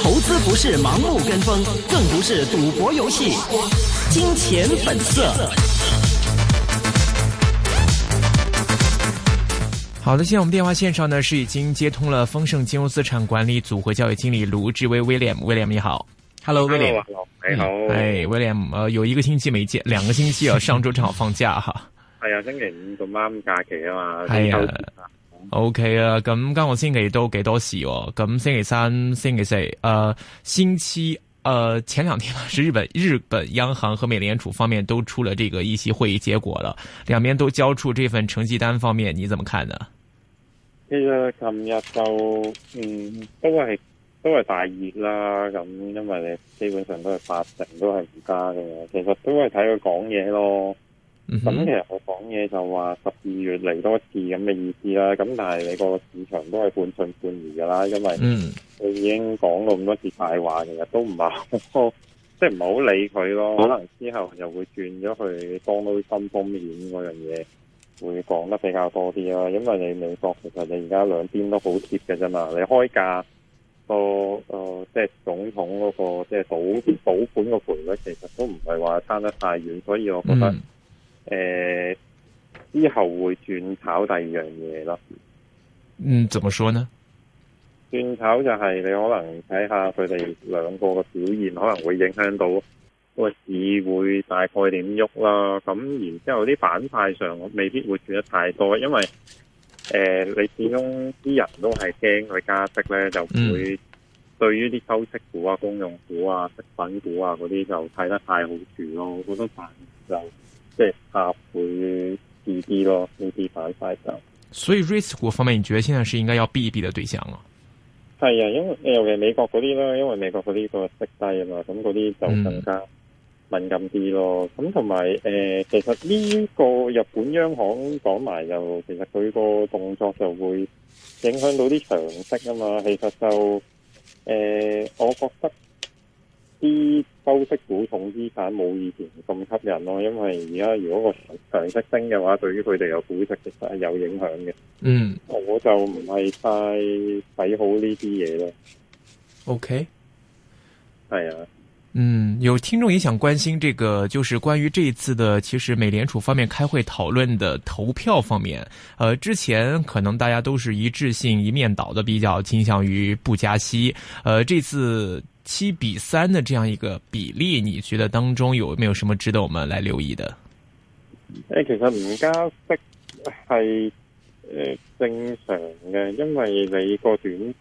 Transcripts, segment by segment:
投資不是盲目跟風，更不是賭博遊戲，金錢本色。好的，現在我們電話線上呢是已經接通了豐盛金融資產管理組合教育經理盧志威 w i l l i a m w l l i a m 你好你好，哎 w i 呃，有一個星期沒見，兩個星期哦，上周正好放假哈。係啊，星期五咁啱假期啊嘛。係啊。O K 啊，咁今個星期都幾多事哦，咁、嗯、星期三、星期四，誒、呃、星期誒、呃、前兩天啦，是日本日本央行和美聯儲方面都出了這個議息會議結果了，兩邊都交出這份成績單，方面你怎麼看呢？其實琴日就，嗯，都係都係大熱啦，咁因為基本上都係八成都係唔加嘅，其實都係睇佢講嘢咯。咁、嗯、其實我講嘢就話十二月嚟多次咁嘅意思啦，咁但係你個市場都係半信半疑噶啦，因為佢已經講到咁多次大話，其實都唔係即係唔好理佢咯。嗯、可能之後又會轉咗去幫到啲新風險嗰樣嘢，會講得比較多啲啦。因為你美國其實你而家兩邊都好貼嘅啫嘛，你開價個誒即係總統嗰、嗰個即係保保本個賠率，其實都唔係話差得太遠，所以我覺得、嗯。誒，之後會轉炒第二樣嘢咯。嗯，怎麼說呢？轉炒就係你可能睇下佢哋兩個嘅表現，可能會影響到個市會大概點喐啦。咁然之後啲板塊上，未必會轉得太多，因為誒、呃，你始終啲人都係驚佢加息咧，就唔會對於啲收息股啊、公用股啊、食品股啊嗰啲就睇得太好住咯，嗰種、嗯、反就。即係下會跌啲咯，呢啲板塊就，所以 risk 嗰方面，你覺得現在是應該要避一避嘅對象啊？係啊，因為尤其美國嗰啲啦，因為美國嗰啲個息低啊嘛，咁嗰啲就更加敏感啲咯。咁同埋誒，其實呢個日本央行講埋又，其實佢個動作就會影響到啲長息啊嘛。其實就誒、呃，我覺得。啲收息股重資產冇以前咁吸引咯，因為而家如果個常息升嘅話，對於佢哋嘅股息其實係有影響嘅。嗯，我就唔係太睇好呢啲嘢咯。OK，係啊、哎呀。嗯，有聽眾也想關心這個，就是關於這一次的，其實美聯儲方面開會討論的投票方面。呃，之前可能大家都是一致性一面倒的，比較傾向於不加息。呃，這次。七比三嘅這樣一個比例，你覺得當中有沒有什麼值得我們來留意的？誒，其實唔加息係誒正常嘅，因為你個短息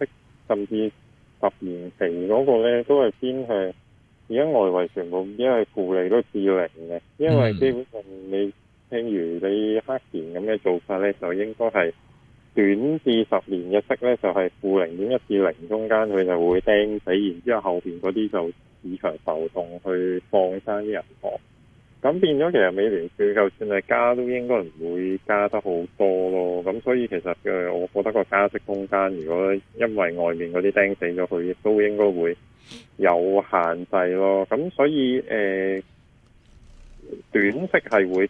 甚至十年期嗰個咧都係偏向而家外圍全部因為負利率至零嘅，因為基本上你譬如你黑田咁嘅做法咧就應該係。短至十年嘅息咧，就係負零點一至零中間，佢就會釘死，然之後後邊嗰啲就市場浮動去放生啲銀行，咁變咗其實美聯儲就算係加，都應該唔會加得好多咯。咁所以其實嘅，我覺得個加息空間，如果因為外面嗰啲釘死咗，佢亦都應該會有限制咯。咁所以誒、呃，短息係會。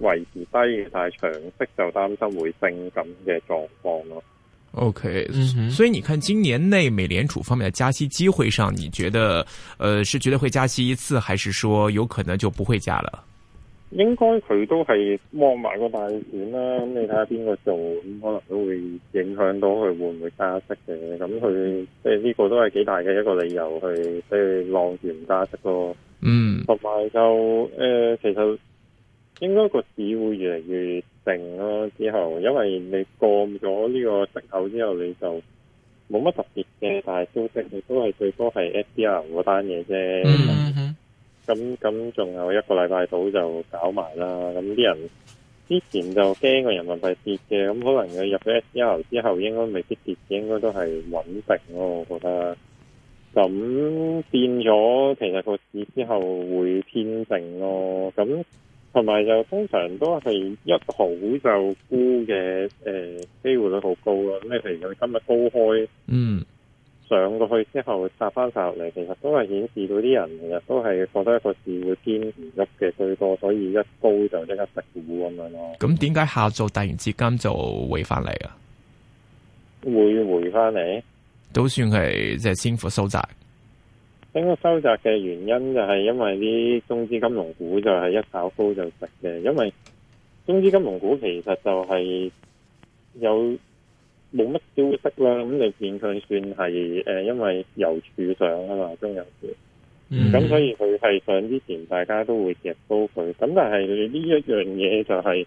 維持低，但係長息就擔心會升咁嘅狀況咯。O Okay . K，、mm hmm. 所以你看今年內美聯儲方面嘅加息機會上，你覺得，誒、呃，是絕對會加息一次，還是說有可能就不會加了？應該佢都係望埋個大選啦，咁你睇下邊個做，咁可能都會影響到佢會唔會加息嘅。咁佢即係呢個都係幾大嘅一個理由去即係浪住唔加息咯。嗯，同埋就誒、呃，其實。應該個市會越嚟越定咯。之後，因為你過咗呢個出口之後，你就冇乜特別嘅大消息，你都係最多係 SDR 嗰單嘢啫。咁咁，仲有一個禮拜到就搞埋啦。咁啲人之前就驚個人民幣跌嘅，咁可能佢入咗 SDR 之後，應該未必跌，應該都係穩定咯。我覺得咁變咗，其實個市之後會偏定咯。咁同埋就通常都係一好就沽嘅，誒、呃，機會率好高咯。咁你譬如佢今日高開，嗯，上過去之後殺翻殺入嚟，其實都係顯示到啲人其實都係覺得一個市會堅唔入嘅最多，所以一高就即刻食沽咁樣咯。咁點解下晝突然之間就回翻嚟啊？會回翻嚟都算係即係先苦收窄。整個收窄嘅原因就係因為啲中資金融股就係一炒高就食嘅，因為中資金融股其實就係有冇乜消息啦，咁你見佢算係誒，因為郵儲上啊嘛，中郵儲，咁所以佢係上之前大家都會食高佢，咁但係呢一樣嘢就係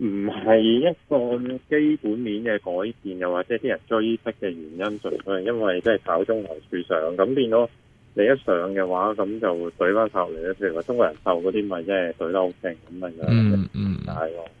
唔係一個基本面嘅改變，又或者啲人追息嘅原因，純粹因為即係炒中郵儲上，咁變咗。你一上嘅話，咁就懟翻曬落嚟咧。譬如話，中國人壽嗰啲咪即係懟得好勁咁樣嘅，就係咯。嗯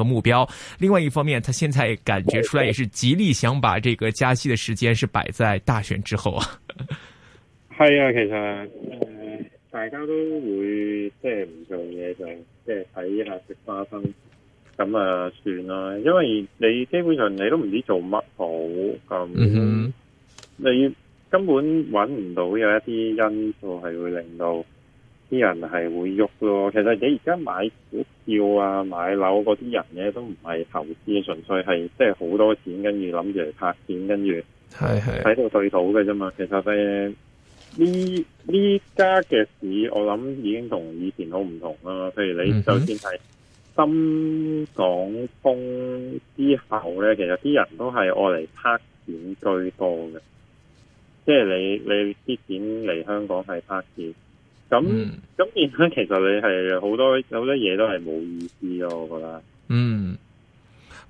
目標，另外一方面，他現在感覺出來也是極力想把這個加息的時間是擺在大選之後啊、嗯哼。係啊，其實大家都會即係唔做嘢就即係睇下食花生咁啊，算啦，因為你基本上你都唔知做乜好咁，你根本搵唔到有一啲因素係會令到。啲人係會喐咯，其實你而家買股票啊、買樓嗰啲人咧，都唔係投資，純粹係即係好多錢跟住諗住嚟拍片，跟住係係喺度對倒嘅啫嘛。其實誒呢呢家嘅市，我諗已經同以前好唔同啦。譬如你就算係深港通之後咧，其實啲人都係愛嚟拍片居多嘅，即係你你啲錢嚟香港係拍片。咁咁變相其實你係好多好多嘢都係冇意思咯，我覺得。嗯。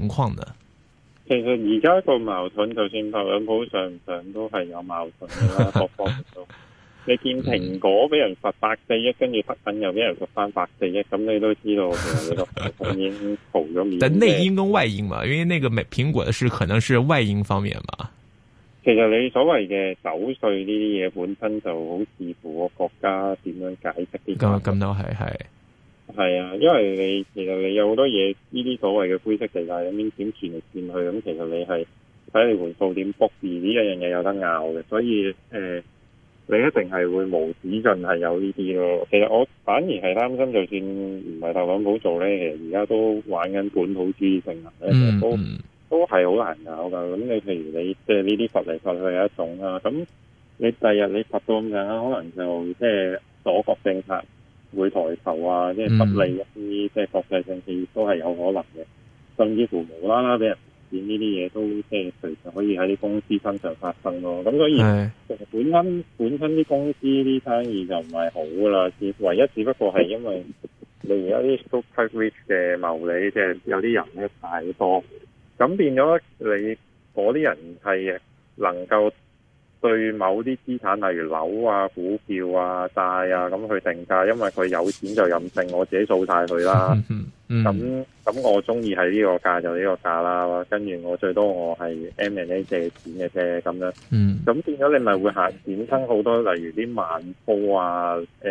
情況的，其實而家個矛盾，就算特朗普上上都係有矛盾嘅啦，各方都。你見蘋果俾人罰八四億，跟住德粉又俾人罰翻八四億，咁你都知道其實呢個已經逃咗面。 但內因跟外因嘛，因為那個美蘋果嘅事，可能是外因方面嘛。其實你所謂嘅走稅呢啲嘢，本身就好視乎個國家點樣解釋啲咁咁都係係。係啊，因為你其實你有好多嘢，呢啲所謂嘅灰色地帶咁點轉嚟轉去，咁其實你係睇你回數點 book 呢一樣嘢有得拗嘅，所以誒、呃，你一定係會無止盡係有呢啲咯。其實我反而係擔心，就算唔係特朗普做咧，其實而家都玩緊本土主義政策咧、mm，hmm。都都係好難搞噶。咁你譬如你即係呢啲發嚟發去一種啦，咁你第日，日你發到咁簡單，可能就即係鎖國政策。會抬頭啊，即係不利一啲，即係國際性企業都係有可能嘅，甚至乎無啦啦俾人蝕呢啲嘢，都即係隨時可以喺啲公司身上發生咯。咁所以，本身本身啲公司啲生意就唔係好噶啦，只唯一只不過係因為你而家啲 stock price 嘅謀利，即係有啲人咧太多，咁變咗你嗰啲人係能夠。對某啲資產，例如樓啊、股票啊、債啊，咁去定價，因為佢有錢就任性，我自己數晒佢啦。咁咁 我中意係呢個價就呢個價啦，跟住我最多我係 M and A 借錢嘅啫，咁樣。咁變咗你咪會下錢，坑好多，例如啲萬科啊，誒、呃，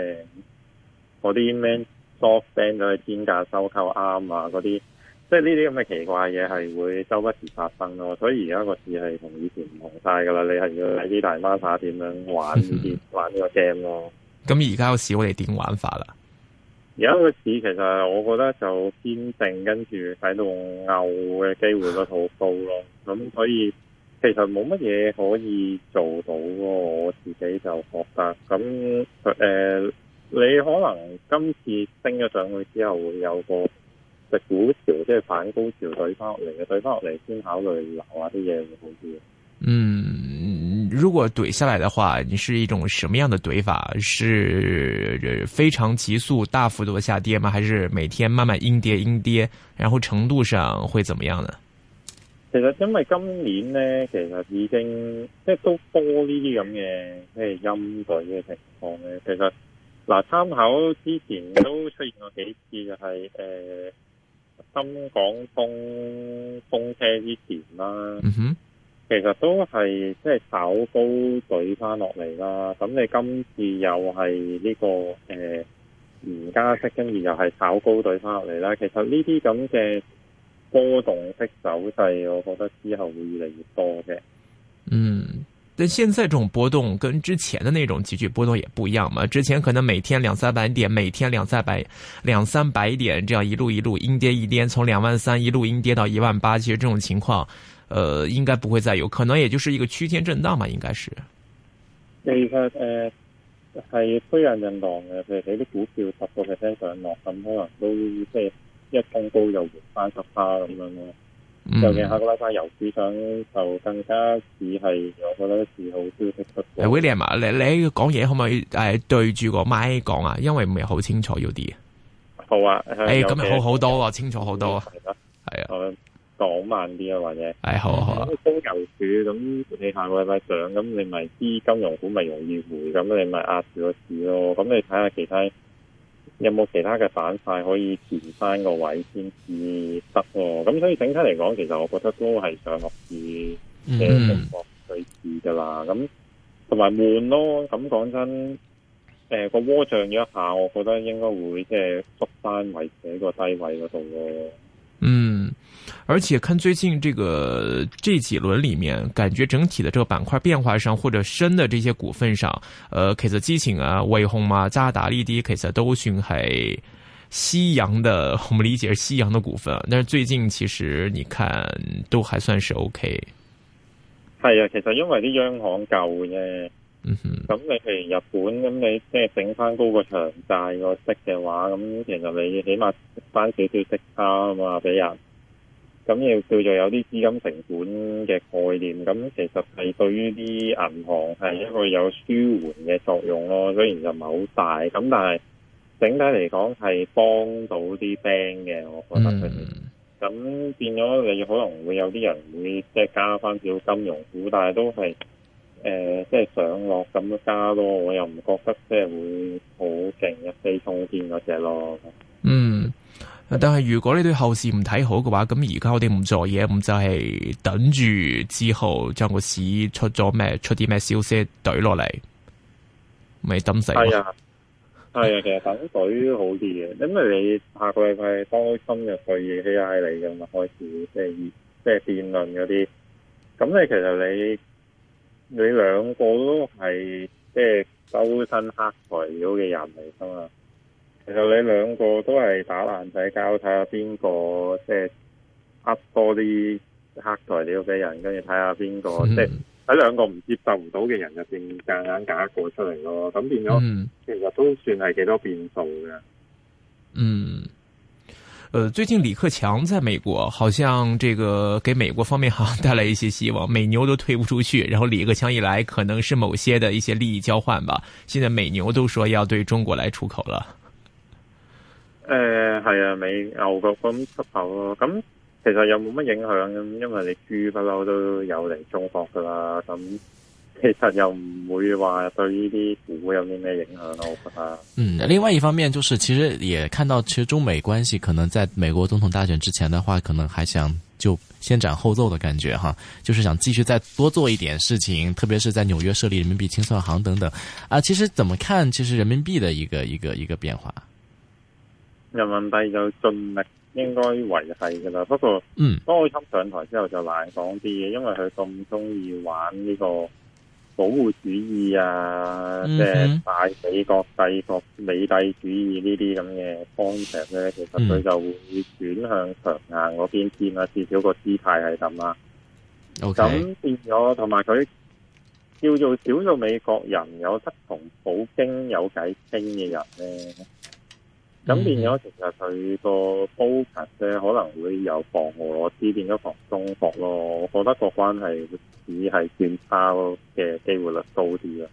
嗰啲 man SoftBank 嗰啲天價收購啱啊，嗰啲。即係呢啲咁嘅奇怪嘢係會周不時發生咯，所以而家個市係同以前唔同晒噶啦，你係要睇啲大媽點樣玩呢 玩個 game 咯。咁而家個市我哋點玩法啦？而家個市其實我覺得就偏靜，跟住喺度拗嘅機會率好高咯。咁所以其實冇乜嘢可以做到咯。我自己就覺得咁誒、呃，你可能今次升咗上去之後會有個。食股潮即係反高潮，懟翻落嚟嘅，懟翻落嚟先考慮留下啲嘢會好啲。嗯，如果懟下來嘅話，你是一種什麼樣的懟法？是非常急速大幅度下跌嗎？還是每天慢慢陰跌陰跌，然後程度上會怎麼樣呢？其實因為今年咧，其實已經即係都多呢啲咁嘅即係陰懟嘅情況咧。其實嗱，參考之前都出現過幾次，就係、是、誒。呃深港通通車之前啦，嗯、哼其實都係即係炒高懟翻落嚟啦。咁你今次又係呢、這個誒唔加息，跟、呃、住又係炒高懟翻落嚟啦。其實呢啲咁嘅波動式走勢，我覺得之後會越嚟越多嘅。嗯。但現在這種波動跟之前的那種急劇波動也不一樣嘛，之前可能每天兩三百點，每天兩三百兩三百點這樣一路一路陰跌一跌，從兩萬三一路陰跌到一萬八，其實這種情況，呃，應該不會再有，可能也就是一個區間震盪嘛，應該是。其實誒，係區間震盪嘅，譬如你啲股票十個 percent 上落，咁可能都即係一衝高又會翻十趴咁樣嘅。尤其下個禮拜遊市上就更加似係，我覺得似好消息。誒，William 啊？你你講嘢可唔可以誒對住個麥講啊？因為唔係好清楚要啲。好啊，誒咁好好多，清楚好多。係啊，講慢啲啊，或者係好，好啊。升牛市咁，你下個禮拜上咁，你咪啲金融股咪容易回，咁你咪壓住個市咯。咁你睇下其他。有冇其他嘅反派可以填翻個位先至得咯？咁所以整體嚟講，其實我覺得都係上落市嘅情況類似噶啦。咁同埋悶咯。咁講真，誒個窩漲咗一下，我覺得應該會即係縮翻位喺個低位嗰度咯。嗯、mm。Hmm. 而且，看最近這個這幾輪裏面，感覺整體的這個板塊變化上或者深的這些股份上，呃，其實激情啊、滙控啊、渣打呢啲其實都算係夕陽的，我們理解是夕陽的股份。但係最近其實，你看都還算是 OK。係啊，其實因為啲央行夠嘅，咁、嗯、哼你譬如日本咁，你即係整翻高個長債個息嘅話，咁其實你起碼得翻少少息差啊嘛，俾人。咁要叫做有啲資金成本嘅概念，咁其實係對於啲銀行係一個有舒緩嘅作用咯，雖然就唔係好大，咁但係整體嚟講係幫到啲 bank 嘅，我覺得佢哋。咁、嗯、變咗你可能會有啲人會即係加翻少金融股，但係都係誒、呃、即係上落咁樣加咯，我又唔覺得即係會好勁一飛沖天嗰隻咯。但係如果你對後市唔睇好嘅話，咁而家我哋唔做嘢，咁就係、是、等住之後將個市出咗咩出啲咩消息懟落嚟，咪等死。係啊，係啊， 其實等水都好啲嘅，因為你下個禮拜當心入去，希拉利咁嘛，開始即係即係辯論嗰啲。咁、就是、你其實你你兩個都係即係周身黑材料嘅人嚟噶嘛？其實你兩個都係打爛仔交，睇下邊個即係呃多啲黑材料畀人，跟住睇下邊個、嗯、即係喺兩個唔接受唔到嘅人入邊夾硬夾一個出嚟咯。咁變咗，其實都算係幾多變數嘅。嗯，誒、呃，最近李克強在美國，好像這個給美國方面，好像帶來一些希望。美牛都推唔出去，然後李克強一來，可能是某些的一些利益交換吧。現在美牛都說要對中國來出口了。誒，係啊，美牛肉咁出口咯，咁其實又冇乜影響咁，因為你豬不嬲都有嚟中國噶啦，咁其實又唔會話對呢啲股會有啲咩影響咯，我覺得。嗯，另外一方面就是，其實也看到，其實中美關係可能在美國總統大選之前的話，可能還想就先斬後奏的感覺哈，就是想繼續再多做一點事情，特別是在紐約設立人民幣清算行等等。啊，其實怎麼看，其實人民幣的一個一個一個變化。人民幣就盡力應該維繫噶啦，不過嗯，拜登上台之後就難講啲嘢，因為佢咁中意玩呢個保護主義啊，嗯、即係大美國帝國美帝主義呢啲咁嘅方式咧，其實佢就會轉向強硬嗰邊先啦，至、嗯、少個姿態係咁啦。O K，咁變咗同埋佢叫做少數美國人有得同普京有偈傾嘅人咧。咁、mm hmm. 變咗，其實佢個波幅咧可能會由防俄羅斯變咗防中國咯。我覺得個關係會只係變差嘅機會率高啲咯。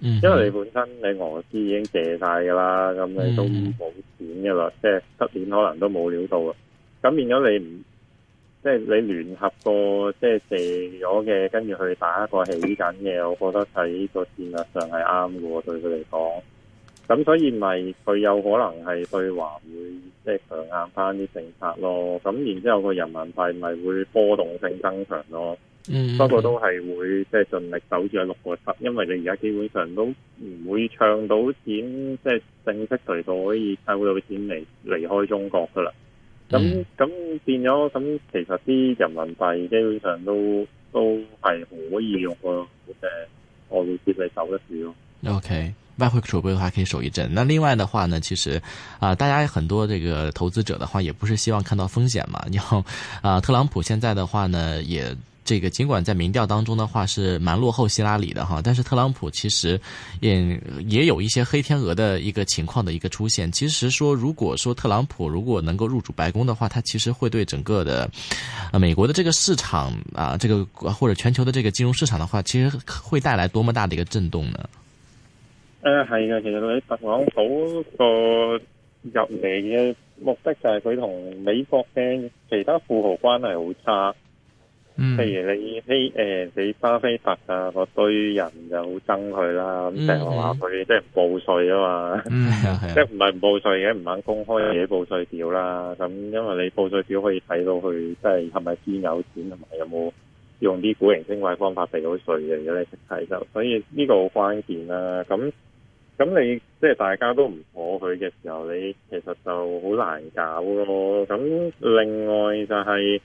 嗯、mm，hmm. 因為你本身你俄羅斯已經借晒噶啦，咁你都冇錢噶啦，mm hmm. 即係失點可能都冇料到啊。咁變咗你唔即係你聯合個即係借咗嘅，跟住去打一個起緊嘅，我覺得睇個戰略上係啱嘅喎，對佢嚟講。咁所以咪佢有可能係對華會即係強硬翻啲政策咯，咁然之後個人民幣咪會波動性增強咯嗯。嗯，不過都係會即係盡力守住喺六個七，因為你而家基本上都唔會唱到錢，即係正式渠道可以偷到錢嚟離開中國噶啦。咁咁、嗯、變咗咁，其實啲人民幣基本上都都係可以用個誒外匯結餘守得住咯。O K。外匯儲備的話可以守一陣，那另外的話呢，其實，啊、呃，大家很多這個投資者的話，也不是希望看到風險嘛。然後，啊、呃，特朗普現在的話呢，也這個盡管在民調當中的話是蠻落後希拉里的哈，但是特朗普其實也也有一些黑天鵝的一個情況的一個出現。其實說，如果說特朗普如果能夠入主白宮的話，他其實會對整個的啊、呃，美國的這個市場啊、呃，這個或者全球的這個金融市場的話，其實會帶來多麼大的一個震動呢？誒，係噶、啊，其實你特朗普個入嚟嘅目的就係佢同美國嘅其他富豪關係好差。嗯、譬如你誒、呃，你巴菲特啊，個堆人就好憎佢啦。咁成日話佢即係唔報稅啊嘛。係啊、嗯。 即係唔係唔報稅嘅，唔肯公開自己報稅表啦。咁因為你報稅表可以睇到佢，即係係咪先有錢，同埋有冇用啲古靈精怪方法避到稅嘅，如果你識睇就。所以呢個好關鍵啦、啊。咁。咁你即係大家都唔妥佢嘅時候，你其實就好難搞咯。咁另外就係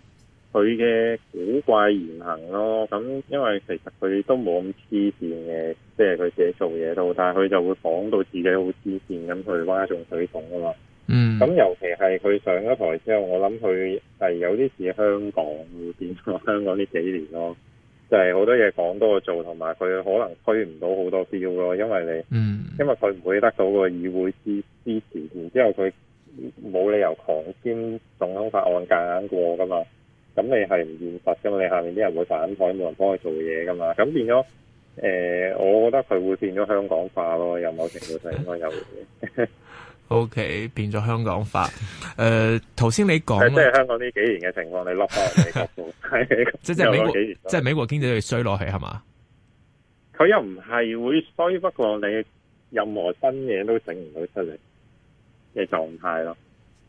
佢嘅古怪言行咯。咁因為其實佢都冇咁黐線嘅，即係佢自己做嘢都，但係佢就會講到自己好黐線咁去挖中水桶啊嘛。嗯。咁尤其係佢上咗台之後，我諗佢係有啲似香港會變咗香港呢幾年咯。就係好多嘢講多過做，同埋佢可能推唔到好多 bill 咯，因為你，嗯，因為佢唔會得到個議會支支持，然之後佢冇理由狂簽總統法案夾硬過噶嘛，咁你係唔現實噶嘛，你下面啲人會反對，冇人幫佢做嘢噶嘛，咁變咗，誒，我覺得佢會變咗香港化咯，有某程度就應該有嘅。O、okay, K. 變咗香港法誒，頭、呃、先你講 即係香港呢幾年嘅情況，你落嚟嗰度係即係美國， 即係美國經濟衰落起係嘛？佢又唔係會衰，不過你任何新嘢都整唔到出嚟嘅狀態咯。哦、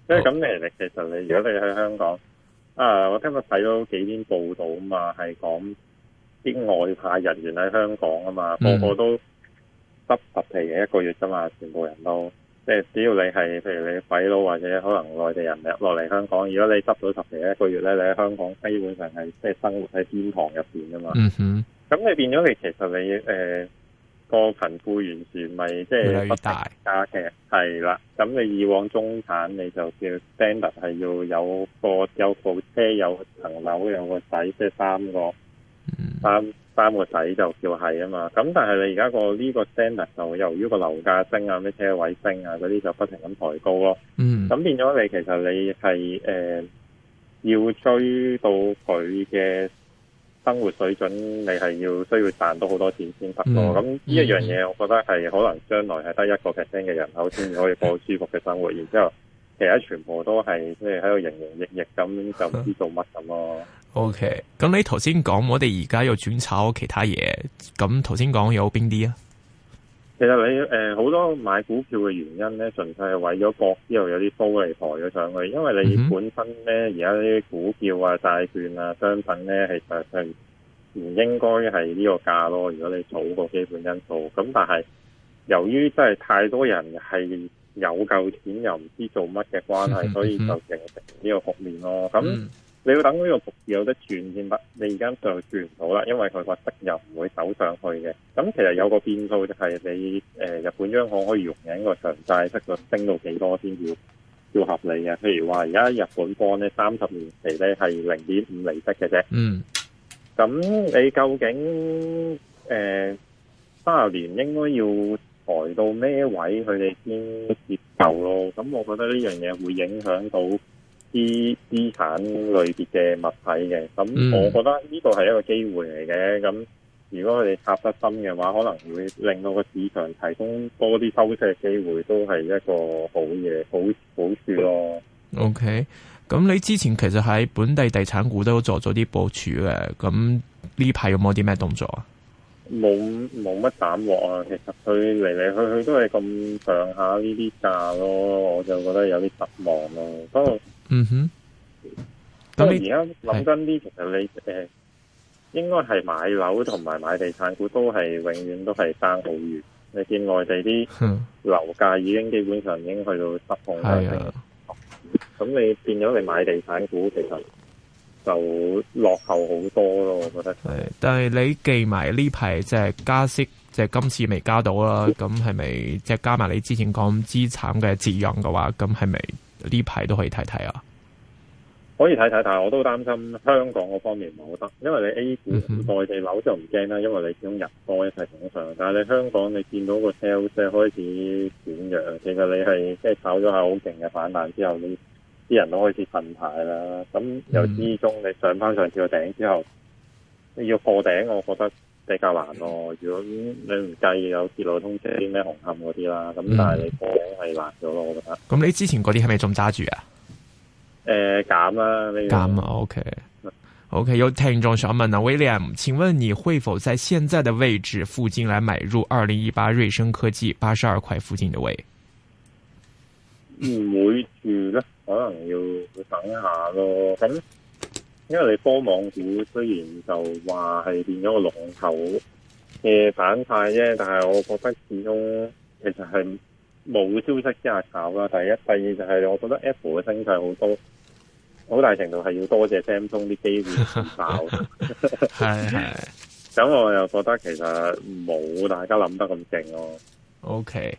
即係咁你嚟，其實你如果你喺香港啊，我今日睇到幾篇報道啊嘛，係講啲外派人員喺香港啊嘛，個、嗯、個都濕濕皮嘅一個月啫嘛，全部人都。即係只要你係，譬如你鬼佬或者可能內地人入落嚟香港，如果你執到十幾一個月咧，你喺香港基本上係即係生活喺天堂入邊㗎嘛。嗯哼，咁你變咗你其實你誒個、呃、貧富完全咪即係不等加嘅，係啦。咁你以往中產你就叫 standard 係要有個有部車、有層樓、有個仔，即係、就是、三個、嗯、三。三個仔就叫係啊嘛，咁但係你而家個呢個 standard 就由於個樓價升啊、咩車位升啊嗰啲就不停咁抬高咯。嗯、mm，咁、hmm. 變咗你其實你係誒、呃、要追到佢嘅生活水準，你係要需要賺到好多錢先得咯。咁呢一樣嘢，我覺得係可能將來係得一個 percent 嘅人口先至可以過舒服嘅生活，然 之後。其實全部都係即係喺度營營役役咁，就唔、是、知做乜咁咯。O K，咁你頭先講，我哋而家要轉炒其他嘢，咁頭先講有邊啲啊？其實你誒、好、呃、多買股票嘅原因咧，純粹係為咗國之後，又有啲福利抬咗上去。因為你本身咧，而家啲股票啊、債券啊、商品咧，其實係唔應該係呢個價咯。如果你早過基本因素，咁但係由於真係太多人係。有夠錢又唔知做乜嘅關係，嗯、所以就形成呢個局面咯。咁、嗯、你要等呢個局有得轉先得，你而家就轉唔到啦，因為佢個息又唔會走上去嘅。咁其實有個變數就係你誒、呃、日本央行可以容忍個長債息率升到幾多先要要合理嘅。譬如話而家日本貨呢三十年期咧係零點五厘息嘅啫。嗯，咁你究竟三十、呃、年應該要抬到咩位佢哋先接受咯？咁我覺得呢樣嘢會影響到啲資產類別嘅物體嘅。咁我覺得呢個係一個機會嚟嘅。咁如果佢哋插得深嘅話，可能會令到個市場提供多啲收息嘅機會，都係一個好嘢，好好處咯。OK，咁你之前其實喺本地地產股都做咗啲部署嘅。咁呢排有冇啲咩動作啊？冇冇乜膽鑊啊！其實佢嚟嚟去去都係咁上下呢啲價咯，我就覺得有啲失望咯、啊。不過嗯哼，咁而家諗真啲，的其實你誒，應該係買樓同埋買地產股都係永遠都係爭好遠。你見內地啲樓價已經基本上已經去到失控係啊。咁、 嗯、哼你變咗嚟買地產股，其實。就落後好多咯，我覺得係。但係你記埋呢排即係加息，即係今次未加到啦。咁係咪即係加埋你之前講資產嘅折讓嘅話，咁係咪呢排都可以睇睇啊？可以睇睇，但係我都擔心香港嗰方面唔好得，因為你 A 股、內地樓就唔驚啦，因為你始終入多一齊往上。但係你香港，你見到個 sell 即係開始轉弱，其實你係即係炒咗下好勁嘅反彈之後呢？你啲人都開始褪牌啦，咁、嗯、又、嗯、之中你上翻上次個頂之後，你要破頂，我覺得比較難咯。如果你唔介意有鐵路通車啲咩紅磡嗰啲啦，咁但係你破頂係難咗咯，嗯、我覺得。咁你之前嗰啲係咪仲揸住啊？誒、嗯，減啦呢個。減 OK，OK。有聽眾想問啊，William，請問你會否在現在的位置附近來買入二零一八瑞聲科技八十二塊附近嘅位？唔會、嗯。嗯等一下咯，咁因為你科網股雖然就話係變咗個龍頭嘅板塊啫，但係我覺得始終其實係冇消息之下炒㗎。第一，第二就係我覺得 Apple 嘅升勢好多，好大程度係要多謝 Samsung 啲機會先爆。係，咁我又覺得其實冇大家諗得咁正咯。OK。